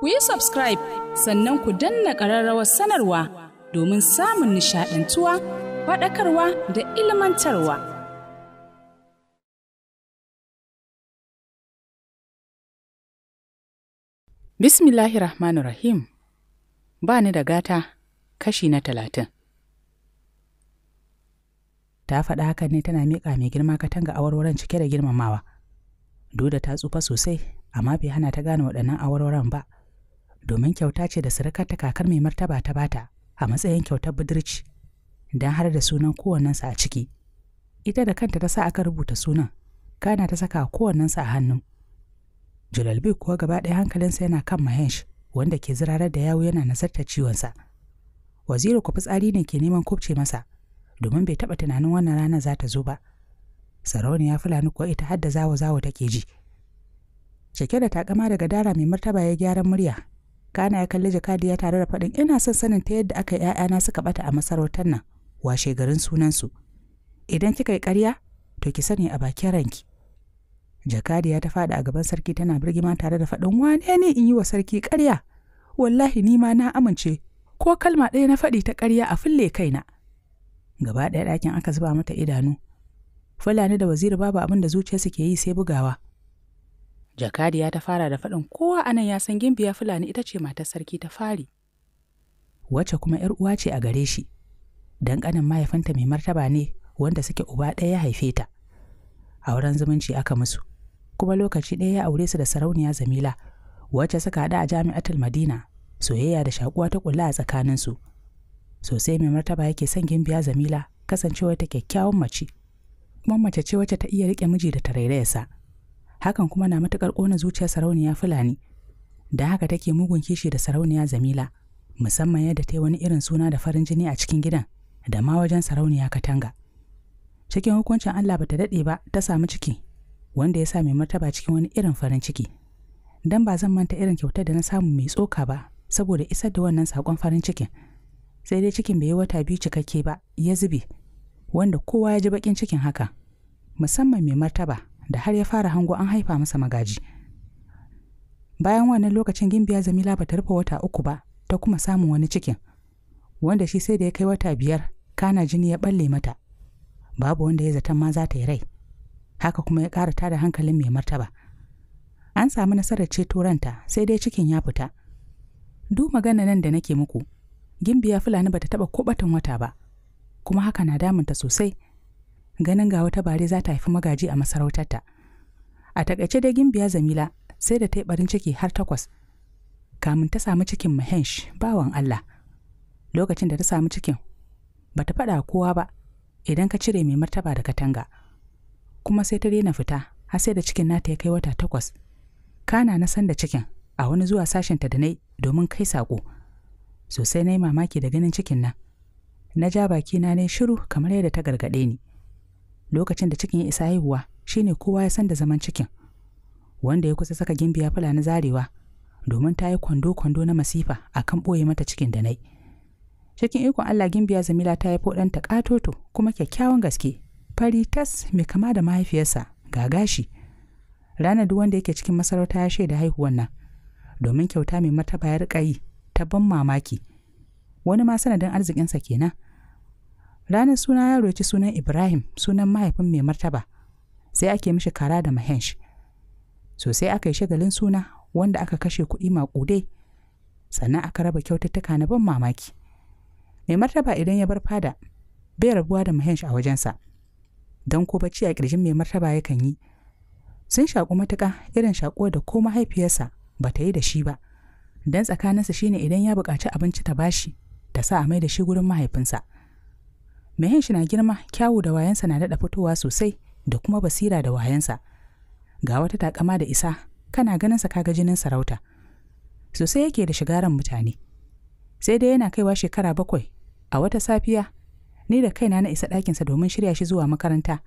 ku yi subscribe sannan ku danna ƙararrawar sanarwa domin samun nishaɗantuwa faɗakarwa da ilmantarwa. Bismillahi ba ni da gata kashi na talatin. Ta faɗa hakan ne tana miƙa mai girma katanga awarwaron cike da girmamawa. Duda ta tsufa sosai, amma bai hana ta gane waɗannan awarwaron ba. domin kyauta ce da surukar ta kakar mai martaba ta bata a matsayin kyautar budurci don har da sunan kowannensa a ciki ita da kanta ta sa aka rubuta sunan kana ta saka kowannensa a hannu jalalbi kuwa gaba ɗaya hankalinsa yana kan mahensh wanda ke zirarar da yawo yana nazartar ciwonsa waziri ku fitsari ne ke neman kubce masa domin bai taɓa tunanin wannan rana za ta zo ba sarauniya fulani kuwa ita har da zawo zawo take ji cike da takama daga dara mai martaba ya gyaran murya kana ya kalli jakadiya tare da faɗin ina son sanin ta yadda aka ‘ya'yana suka ɓata a masarautar nan washe garin sunansu idan kika yi ƙarya to ki sani a bakin ranki jakadiya ta faɗi a gaban sarki tana birgima tare da faɗin wane ne in yi wa sarki ƙarya wallahi ni ma na amince ko kalma ɗaya na faɗi ta ƙarya a fille kaina gaba ɗaya ɗakin aka zuba mata idanu fulani da waziri babu abin da zuciyarsu ke yi sai bugawa Jakadiya ta fara da faɗin kowa anan ya san gimbiya Fulani ita ce matar sarki ta fari. Wacce kuma ‘yar uwa ce a gare shi, dan ƙanin mahaifinta mai martaba ne wanda suke uba ɗaya ya haife ta. Auren zumunci aka musu, kuma lokaci ɗaya ya aure su da sarauniya Zamila, wacce suka haɗa a jami'atul Madina, soyayya da shakuwa ta kula a tsakaninsu. Sosai mai martaba yake son gimbiya Zamila kasancewa ta kyakkyawan mace. Kuma mace ce wacce ta iya riƙe miji da tarairayarsa. sa. hakan kuma na matuƙar ƙona zuciyar sarauniya Fulani. Da haka take mugun kishi da sarauniya Zamila, musamman yadda ta yi wani irin suna da farin jini a cikin gidan, da ma wajen sarauniya Katanga. Cikin hukuncin Allah bata daɗe ba ta samu ciki, wanda ya sa mai martaba cikin wani irin farin ciki. Dan ba zan manta irin kyautar da na samu mai tsoka ba, saboda isar da wannan sakon farin cikin. Sai dai cikin bai yi wata biyu cikakke ba, ya zube, wanda kowa ya ji bakin cikin haka. Musamman mai martaba da har ya fara hango an haifa masa magaji bayan wannan lokacin gimbiya zamila ba ta rufe wata uku ba ta kuma samun wani cikin wanda shi sai da ya kai wata biyar kana jini ya balle mata babu wanda ya zaton ma za ta yi rai haka kuma ya ƙara tada hankalin mai martaba an samu nasarar ceto ranta sai dai cikin ya fita duk magana nan da nake muku gimbiya fulani bata taba ko batan wata ba kuma haka na damunta sosai ganin ga wata bare za ta haifi magaji a masarautarta a takaice da gimbiya zamila sai da ta yi barin ciki har takwas kamun ta samu cikin mahensh bawan allah lokacin da ta samu cikin ba ta faɗa kowa ba idan ka cire mai martaba da katanga kuma sai ta daina fita har sai da cikin nata ya kai wata takwas kana na san da cikin a wani zuwa sashen ta da nai domin kai saƙo sosai na yi mamaki da ganin cikin nan na ja baki na ne shiru kamar yadda ta gargaɗe ni lokacin da cikin ya isa haihuwa shine kowa ya san da zaman cikin wanda ya kusa saka gimbiya na zarewa domin ta yi kwando-kwando na masifa a kan ɓoye mata cikin da nai cikin ikon allah gimbiya zamila ta haifo ta katoto kuma kyakkyawan gaske fari tas mai kama da mahaifiyarsa ga gashi ranar duk wanda yake cikin masarauta ya shaida haihuwan nan domin kyauta mai martaba ya ta ban mamaki wani ma sanadin arzikinsa kenan ranar suna yaro ya ci sunan ibrahim sunan mahaifin mai martaba sai ake mishi kara da mahensh sosai aka yi shagalin suna wanda aka kashe kuɗi maƙude sannan aka raba kyaututtuka na ban mamaki mai martaba idan ya bar fada bai rabuwa da mahensh a wajensa don ko bacci a ƙirjin mai martaba yakan yi sun shaƙu matuƙa irin shaƙuwa da ko mahaifiyarsa ba ta yi da shi ba don tsakaninsa shine idan ya buƙaci abinci ta bashi ta sa a mai da shi gurin mahaifinsa. mai shi na girma, kyawu da wayansa na daɗa fitowa sosai da kuma basira da wayansa. Ga wata takama da isa, kana ganin ganinsa kaga jinin sarauta. Sosai yake da shigaran mutane. Sai dai yana kaiwa shekara bakwai, a wata safiya, ni da kaina na isa ɗakinsa domin shirya shi zuwa makaranta,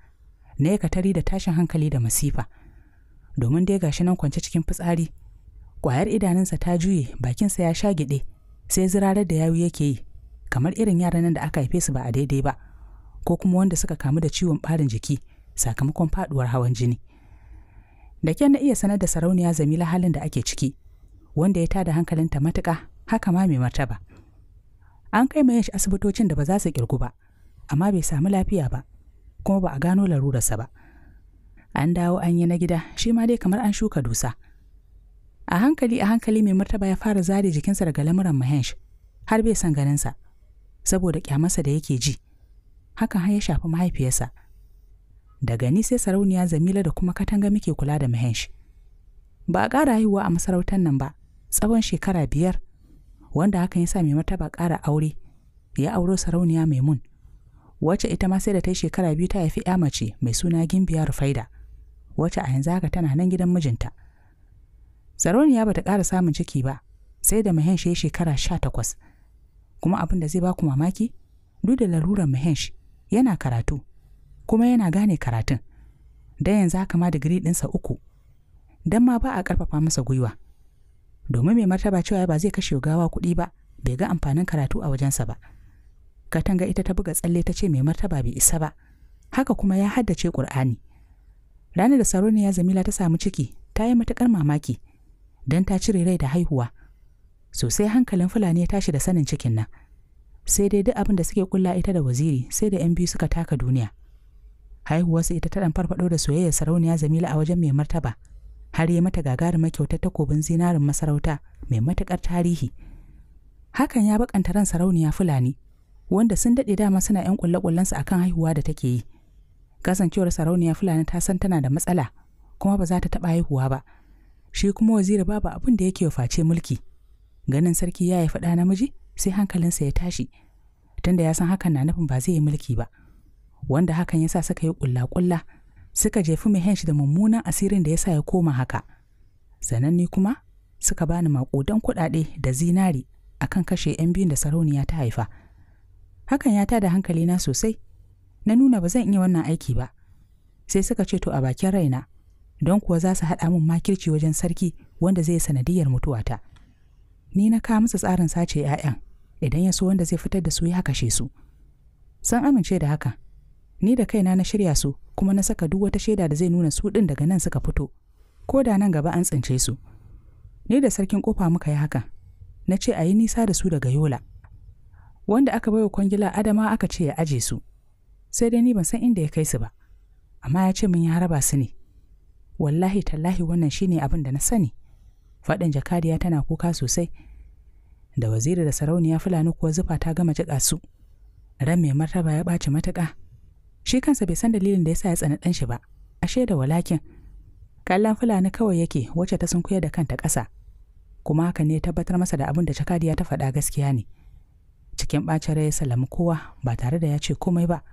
na yaka katari da tashin hankali da masifa. Domin dai gashi nan kwance cikin fitsari, ƙwayar idanunsa ta juye, bakinsa ya sha gyaɗe, sai zirarar da yawu yake yi, kamar irin yaran nan da aka haife su ba a daidai ba ko kuma wanda suka kamu da ciwon ɓarin jiki sakamakon faduwar hawan jini da ke na iya sanar da sarauniya zamila halin da ake ciki wanda ya tada hankalinta matuka haka ma mai martaba an kai mai asibitocin da ba za su kirgu ba amma bai samu lafiya ba kuma ba a gano larurarsa ba an dawo an yi na gida shi ma dai kamar an shuka dusa a hankali a hankali mai martaba ya fara zare jikinsa daga lamuran mahensh har bai san ganinsa saboda kyamarsa da yake ji hakan har ya shafi mahaifiyarsa daga ni sai sarauniya zamila da kuma katanga muke kula da mahenshi ba a ƙara haihuwa a masarautar nan ba tsawon shekara biyar wanda hakan ya sa mai martaba ƙara aure ya auro sarauniya maimun wacce ita ma sai da ta yi shekara biyu ta haifi ya mace mai suna gimbiya rufaida wacce a yanzu haka tana nan gidan mijinta sarauniya bata ƙara samun ciki ba sai da mahenshi ya shekara sha takwas kuma abin da zai ba ku mamaki duk da laruran mahensh yana karatu kuma yana gane karatun da yanzu haka ma digiri ɗinsa uku dan ma ba a ƙarfafa masa gwiwa domin mai martaba cewa ba zai kashe gawa kuɗi ba bai ga amfanin karatu a wajensa ba katanga ita ta buga tsalle ta ce mai martaba bai isa ba haka kuma ya haddace ƙur'ani ranar da saroniya zamila ta samu ciki ta yi matuƙar mamaki don ta cire rai da haihuwa sosai hankalin fulani ya tashi da sanin cikin nan sai dai duk abin da suke kulla ita da waziri sai da 'yan biyu suka taka duniya haihuwarsa ita ta dan faɗo da soyayyar sarauniya zamila a wajen mai martaba har yi mata gagarumar kyautar takobin zinarin masarauta mai matuƙar tarihi hakan ya bakanta ran sarauniya fulani wanda sun daɗe dama suna 'yan ƙulle-ƙullensu akan haihuwa da take yi kasancewar sarauniya fulani ta san tana da matsala kuma ba za ta taɓa haihuwa ba shi kuma waziri babu abin da yake face mulki ganin sarki ya yi ɗa namiji sai hankalinsa ya tashi tunda ya san hakan na nufin ba zai yi mulki ba wanda hakan ya sa suka yi ƙulla-ƙulla suka jefi mai henshi da mummunan asirin da ya sa ya koma haka sananni kuma suka bani maƙudan kuɗaɗe da zinari akan kashe 'yan biyun da sarauniya ta haifa hakan ya tada hankalina sosai na nuna ba zan iya wannan aiki ba sai suka ce to a bakin raina don kuwa za su haɗa mun makirci wajen sarki wanda zai sanadiyar mutuwata. ni na kawo musu tsarin sace 'ya'yan idan ya so wanda zai fitar da su ya kashe su san amince da haka ni da kaina na shirya su kuma na saka duk wata shaida da zai nuna su ɗin daga nan suka fito ko da nan gaba an tsince su ni da sarkin kofa muka yi haka na ce a yi nisa da su daga yola wanda aka baiwa kwangila adama aka ce ya aje su sai dai ni ban san inda ya kai su ba amma ya ce min ya raba su ne wallahi tallahi wannan shine abin da na sani faɗin jakadiya tana kuka sosai da waziri da sarauniya fulani kuwa zufa ta gama jiƙa su ran mai martaba ya ɓaci matuƙa shi kansa bai san dalilin da ya sa ya tsani ɗanshi ba ashe da walakin kallon fulani kawai yake wacce ta sunkuya da kanta ƙasa kuma haka ne tabbatar masa da abin da jakadiya ta faɗa gaskiya ne cikin ɓacin rai ya sallami kowa ba tare da ya ce komai ba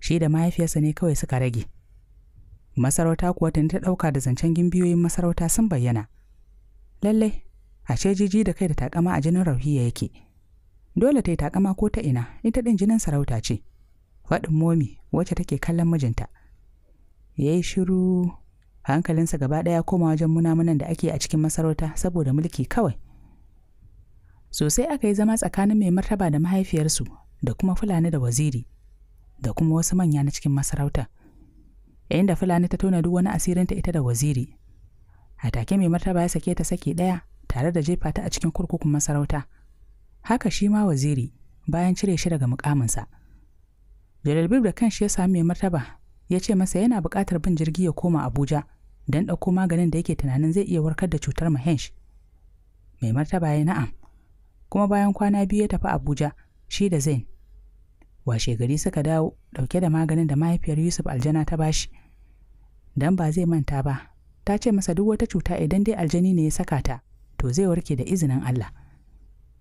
shi da mahaifiyarsa ne kawai suka rage masarauta kuwa tuni ta ɗauka da zancen gimbiyoyin masarauta sun bayyana lallai ashe jiji da kai da takama a jinin rauhiya yake dole ta yi takama ko ta ina ita din jinin sarauta ce faɗin momi wacce take kallon mijinta ya yi shiru hankalinsa gaba ɗaya koma wajen munamunan da ake a cikin masarauta saboda mulki kawai sosai aka yi zama tsakanin mai martaba da mahaifiyarsu da kuma fulani da waziri da kuma wasu manya na cikin masarauta yayin da fulani ta tona duk wani asirinta ita da waziri a take mai martaba ya sake ta sake ɗaya tare da jefa ta a cikin kurkukun masarauta haka shi ma waziri bayan cire shi daga mukaminsa jalal bib da kanshi ya sami mai martaba ya ce masa yana buƙatar bin jirgi ya koma abuja don ɗauko maganin da yake tunanin zai iya warkar da cutar mahensh mai martaba ya na'am kuma bayan kwana biyu ya tafi abuja shi da zain washe gari suka dawo ɗauke da maganin da mahaifiyar yusuf aljana ta bashi dan ba zai manta ba ta ce masa duk wata cuta idan dai aljani ne ya saka ta to zai warke da izinin Allah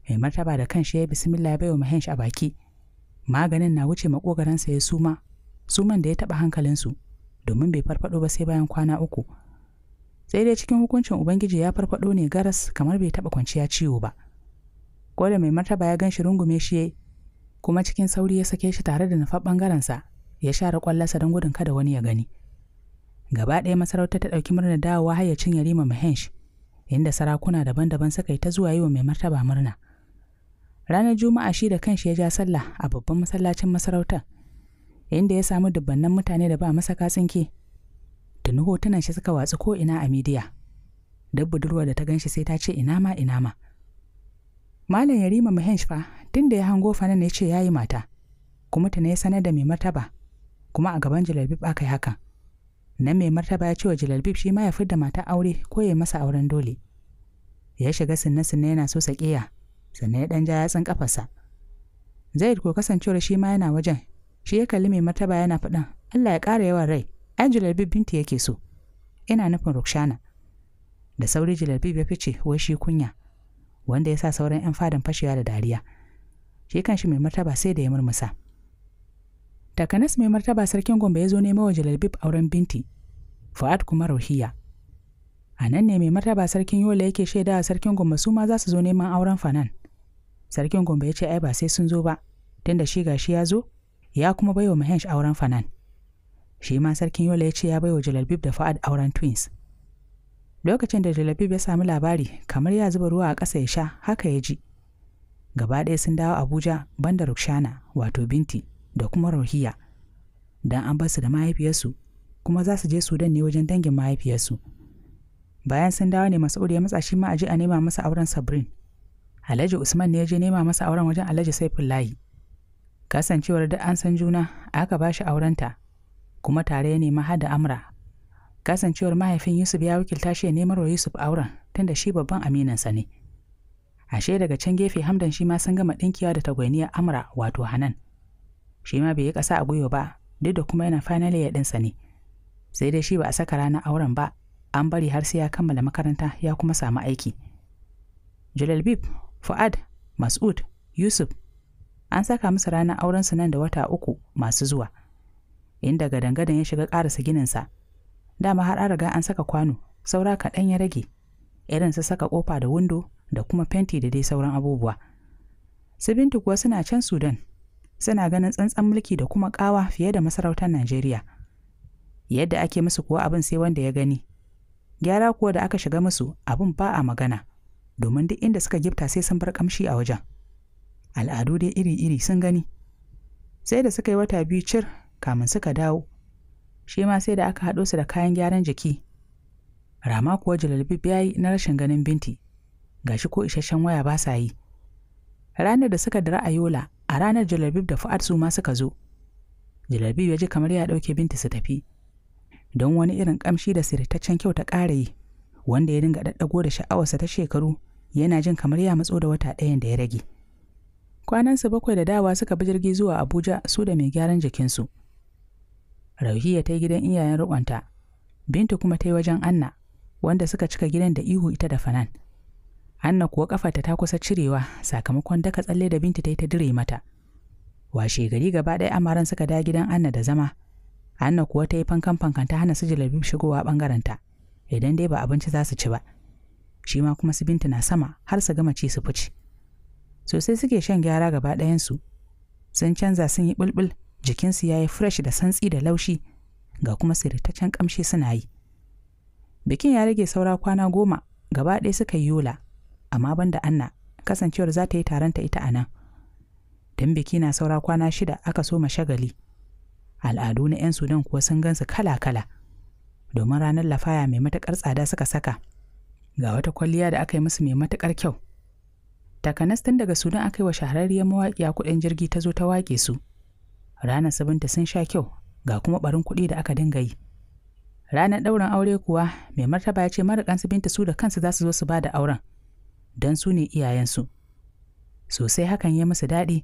mai martaba da kanshi ya bismillah bai wa mahensh a baki maganin na wuce makogaransa ya suma suman da ya taba hankalinsu domin bai farfado ba sai bayan kwana uku sai dai cikin hukuncin ubangiji ya farfado ne garas kamar bai taba kwanciya ciwo ba ko da mai martaba ya gan shi rungume shi kuma cikin sauri ya sake shi tare da nufar sa ya share kwallonsa don gudun kada wani ya gani gaba ɗaya masarauta ta ɗauki murna dawowa hayyacin yarima mahensh inda sarakuna daban-daban suka yi ta zuwa yi wa mai martaba murna ranar juma'a shi da kanshi ya ja sallah a babban masallacin masarautar inda ya samu dubbannan mutane da ba masa katsinke tuni hotunan shi suka watsu ko ina a midiya da budurwa da ta ganshi sai ta ce ina ma ina ma malam yarima mahensh fa tun ya hango nan ya ce yayi mata kuma tana ya sanar da mai martaba kuma a gaban jalabi ba kai hakan nan mai martaba ya ce wa Bib shi ma ya fidda mata aure ko ya masa auren dole ya shiga sinna sinna yana so sakiya sannan ya dan ja yatsun kafarsa zaid ko kasancewar shi ma yana wajen shi ya kalli mai martaba yana faɗan allah ya ƙara yawan rai ai Bib binti yake so ina nufin rukshana da sauri Jalal Bib ya fice wai shi kunya wanda ya sa sauran 'yan fadan fashewa da dariya shi kan shi mai martaba sai da ya murmusa. takanas mai martaba sarkin gombe ya zo nema wa bib auren binti fuad kuma rohiya a nan ne mai martaba sarkin yola yake shaida a sarkin gombe su ma za su zo neman auren fanan sarkin gombe ya ce ai ba sai sun zo ba tunda shi gashi ya zo ya kuma baiwa mahensh auren fanan shi ma sarkin yola ya ce ya baiwa bib da fa'ad auren twins lokacin da bib ya samu labari kamar ya zuba ruwa a ƙasa ya sha haka ya ji gaba ɗaya sun dawo abuja banda rukshana wato binti da kuma rohiya don an basu da mahaifiyarsu kuma za su je sudan ne wajen dangin mahaifiyarsu bayan sun dawo ne masu ya matsa shi ma a je a nema masa auren sabrin alhaji usman ne ya je nema masa auren wajen alhaji saifullahi kasancewar duk an san juna aka ba shi aurenta kuma tare ya nema hada amra kasancewar mahaifin yusuf ya wakilta shi ya nemarwa yusuf auren tunda shi babban aminansa ne ashe daga can gefe hamdan shi ma sun gama ɗinkiya da tagwainiyar amra wato hanan shi ma bai yi ƙasa a gwiwa ba duk da kuma yana finally ya ɗinsa ne sai dai shi ba a saka ranar auren ba an bari har sai ya kammala makaranta ya kuma samu aiki jalal bib fu'ad mas'ud yusuf an saka musu ranar auren su nan da wata uku masu zuwa inda gadangadan ya shiga ƙarasa gininsa dama har an riga an saka kwano saura kaɗan ya rage irin su saka ƙofa da windo da kuma fenti da dai sauran abubuwa su kuwa suna can sudan suna ganin tsantsan mulki da kuma ƙawa fiye da masarautar Najeriya. Yadda ake musu kuwa abin sai wanda ya gani. Gyara kuwa da aka shiga musu abin ba a magana, domin duk inda suka gifta sai sun bar kamshi a wajen. Al'adu dai iri-iri sun gani. Sai da suka yi wata biyu cir kamun suka dawo. Shi ma sai da aka haɗo su da kayan gyaran jiki. Rama kuwa jalalbi ya yi na rashin ganin binti. Gashi ko isasshen waya ba sa yi. ranar da suka dira a yola a ranar jalabib da fu'ad su ma suka zo jalabib ya ji kamar ya ɗauke binta su tafi don wani irin ƙamshi da siritaccen kyau ta ƙara yi wanda ya dinga ɗaɗɗago da sha'awarsa ta shekaru yana jin kamar ya matso da wata ɗayan da ya rage kwanansu bakwai da dawa suka bi jirgi zuwa abuja su da mai gyaran jikinsu rauhiya ta yi gidan iyayen riƙonta binta kuma ta yi wajen anna wanda suka cika gidan da ihu ita da fanan Anna kuwa kafata ta kusa cirewa sakamakon daka tsalle da Binta ta yi ta dire mata. Washe gari gaba ɗaya amaran suka da gidan Anna da zama. Anna kuwa ta yi fankan fankan ta hana su Jalabib shigowa bangaren ta. Idan dai ba abinci za su ci ba. Shi ma kuma su Binta na sama har su gama ci su fice. Sosai suke shan gyara gaba ɗayansu. Sun canza sun yi bulbul, jikinsu ya yi fresh da santsi da laushi, ga kuma siritaccen ƙamshi suna yi. Bikin ya rage saura kwana goma, gaba ɗaya suka yi yola. amma banda Anna kasancewar za ta yi taronta ita a nan. Don biki na saura kwana shida aka so shagali. Al'adu na 'yan Sudan kuwa sun gansu kala-kala, domin ranar lafaya mai matuƙar tsada suka saka. Ga wata kwalliya da aka yi musu mai matuƙar kyau. Takanas tun daga Sudan aka yi wa shahararriyar mawaƙiya kuɗin jirgi ta zo ta wake su. Ranar sabinta sun sha kyau, ga kuma ɓarin kuɗi da aka dinga yi. Ranar ɗaurin aure kuwa mai martaba ya ce mariƙansu binta su da kansu za su zo su ba da auren. don su ne iyayensu sosai hakan ya musu daɗi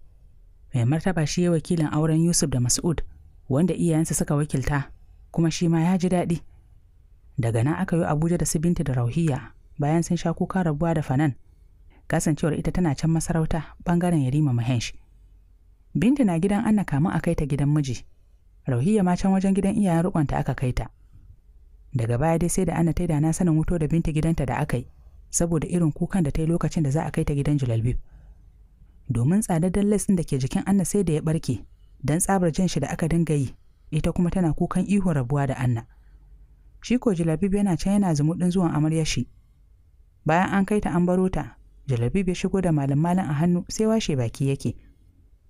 mai martaba shi ya wakilin auren yusuf da mas'ud wanda iyayensa suka wakilta kuma shi ma ya ji daɗi daga nan aka yi abuja da su binta da rauhiya bayan sun sha kuka rabuwa da fanan kasancewar ita tana can masarauta bangaren yarima mahensh binta na gidan anna kamun a kai ta gidan miji rauhiya ma can wajen gidan iyayen rukonta aka kai ta daga baya dai sai da anna ta yi da na sanin wuto da binta gidanta da aka yi saboda irin kukan da ta yi lokacin da za a kai ta gidan Julalbib. Domin tsadaddan les ɗin da ke jikin Anna sai da ya barke, dan tsabar jin shi da aka dinga yi, ita kuma tana kukan ihun rabuwa da Anna. Shi ko Julalbib yana can yana zumuɗin zuwan amaryar shi. Bayan an kai ta an baro ta, Julalbib ya shigo da malam malam a hannu sai washe baki yake.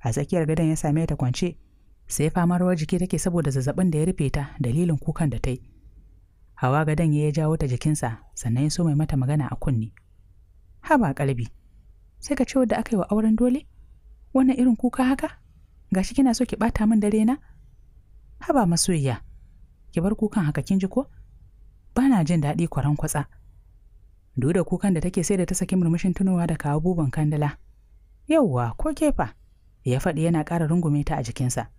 A tsakiyar gadon ya same ta kwance, sai famar jiki take saboda zazzabin da ya rufe ta dalilin kukan da ta yi. hawa gadon ya jawo ta jikinsa sannan ya so mai mata magana a kunni haba kalbi sai ka ce wadda aka yi wa auren dole wannan irin kuka haka gashi kina so ki bata min dare na haba masoyiya ki bar kukan haka kin ji ko bana jin daɗi kwaran kwatsa Duda kukan da take sai da ta saki murmushin tunowa da kawo buban kandala yauwa ko kefa ya faɗi yana ƙara rungume ta a jikinsa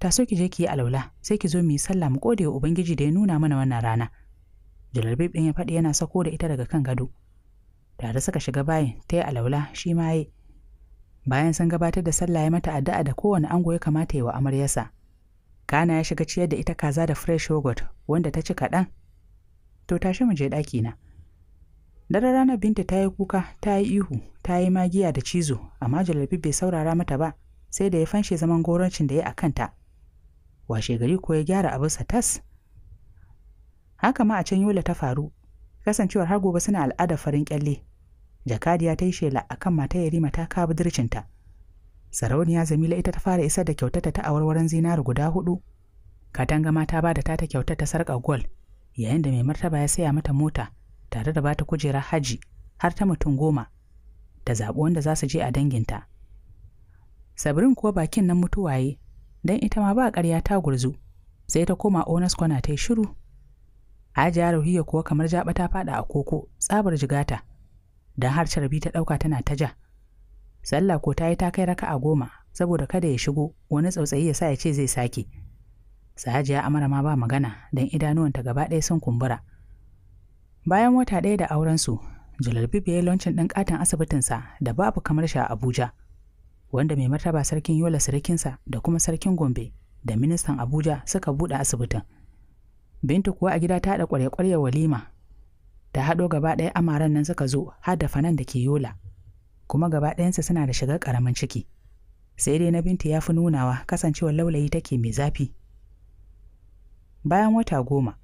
Ta so ki je ki yi alaula sai ki zo mu yi sallah mu gode wa ubangiji da ya nuna mana wannan rana jalalbib ɗin ya faɗi yana sako da ita daga kan gado tare suka shiga bayin ta yi alaula shi ma yi bayan sun gabatar da sallah ya mata addu'a da kowane ango ya kamata yi wa amaryarsa kana ya shiga ciyar da ita kaza da fresh yogurt wanda ta ci kaɗan to tashi mu je ɗaki na dare ranar binta ta yi kuka ta yi ihu ta yi magiya da cizo amma bib bai saurara mata ba sai da ya fanshe zaman gorancin da ya a kanta washe gari ko ya gyara sa tas haka ma a can yola ta faru kasancewar har gobe suna al'ada farin kyalle jakadiya ta yi shela a kan mata yarima ta ka budurcinta sarauniya zamila ita ta fara isar da kyautata ta awarwaron zinari guda hudu katanga ma ta ba da tata kyautata sarƙa gol yayin da mai martaba ya saya mata mota tare da bata kujerar haji har ta mutum goma da zaɓi wanda za su je a danginta sabrin kuwa bakin nan mutuwaye don ita ma ba ƙarya ta gurzu sai ta koma onas kwana ta yi shiru hajiya Ruhiyya kuwa kamar jaɓa ta faɗa a koko tsabar jigata don har carbi ta ɗauka tana ta ja sallah ko ta yi ta kai raka a goma saboda kada ya shigo wani tsautsayi ya sa ya ce zai sake sahajiya amara ma ba magana don idanuwanta gaba ɗaya sun kumbura bayan wata ɗaya da aurensu Jalal ya yi launcin ɗin ƙaton asibitinsa da babu kamar shi a Abuja. wanda mai martaba sarkin yola sarkinsa da kuma sarkin gombe da ministan abuja suka buɗe asibitin bintu kuwa a gida ta da kwarya ƙwarya walima ta haɗo gaba ɗaya amaran nan suka zo har da fanan da ke yola kuma gaba ɗayansa suna da shigar ƙaramin ciki sai dai na bintu ya fi nunawa kasancewar laulayi take mai zafi bayan wata goma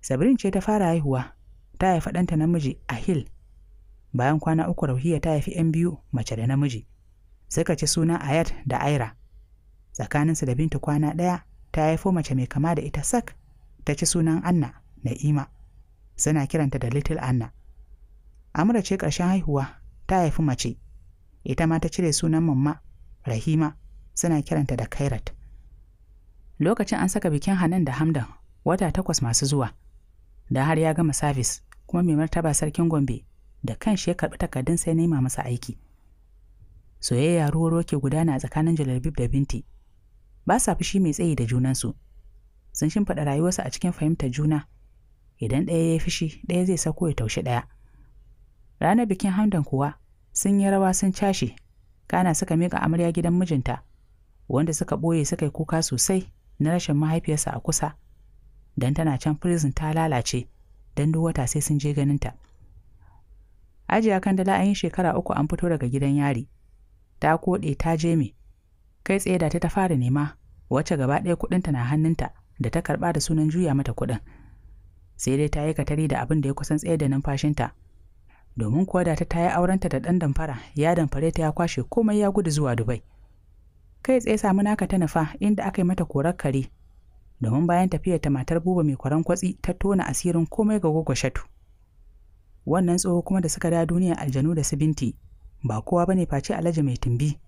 sabrin ce ta fara haihuwa ta haifa ɗanta namiji a hil bayan kwana uku rauhiya ta haifi 'yan biyu mace da namiji suka ci sunan Ayat da Aira. Tsakaninsu da Bintu kwana ɗaya ta haifo mace mai kama da ita sak ta ci sunan Anna Na'ima. Suna kiranta da Little Anna. amura ce ƙarshen haihuwa ta haifi mace. Ita ma ta cire sunan mamma Rahima suna kiranta da Kairat. Lokacin an saka bikin Hanan da Hamdan wata takwas masu zuwa. Da har ya gama sabis kuma mai martaba sarkin Gombe da kan shi ya karɓi takardun sai nema masa aiki. soyayya ruwa ke gudana a tsakanin Jalalbib da Binti. Ba sa fushi mai tsayi da junansu. Sun shimfiɗa rayuwarsu a cikin fahimtar juna. Idan ɗaya ya fushi ɗaya zai sako ya taushi ɗaya. Ranar bikin Hamdan kuwa, sun yi rawa sun cashe, kana suka mika amarya gidan mijinta, wanda suka ɓoye suka yi kuka sosai na rashin mahaifiyarsa a kusa, dan tana can prison ta lalace, dan duk wata sai sun je ganinta. Ajiya kan dala an yi shekara uku an fito daga gidan yari. ta koɗe ta je me kai tsaye da ta ta fara nema wacce gaba ɗaya kuɗinta na hannunta da ta karɓa da sunan juya mata kuɗin sai dai ta yi katari da abin da ya kusan tsaye da numfashinta domin kuwa da ta ta yi aurenta da ɗan damfara ya damfare ta ya kwashe komai ya gudu zuwa dubai kai tsaye samu naka ta nufa inda aka yi mata korar kare domin bayan tafiyar ta matar buba mai kwaran kwatsi ta tona asirin komai ga shatu. wannan tsoho kuma da suka da duniyar aljanu da su binti ba kowa bane face alhaji mai tumbi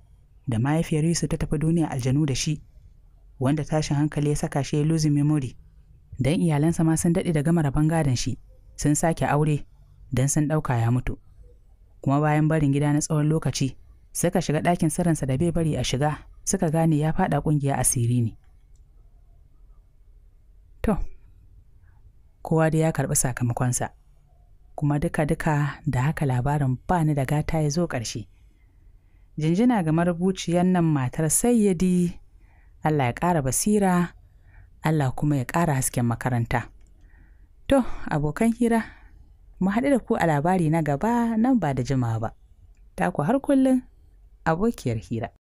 da mahaifiyar Yusuf ta tafi duniya aljanu da shi wanda tashin hankali ya saka shi ya lose memory dan iyalansa ma sun daɗe da gama rabon gadon shi sun sake aure dan sun ɗauka ya mutu kuma bayan barin gida na tsawon lokaci suka shiga ɗakin saransa da bai bari a shiga suka gane ya faɗa ƙungiya asiri ne to kowa dai ya karɓi sakamakonsa kuma duka-duka da haka labarin ba ni da gata ya zo ƙarshe. Jinjina ga marubuciyar nan matar sayyadi, Allah ya ƙara basira, Allah kuma ya ƙara hasken makaranta. To, abokan hira, mu haɗu da ku a labari na gaba nan ba da jimawa ba. Taku har kullum abokiyar hira.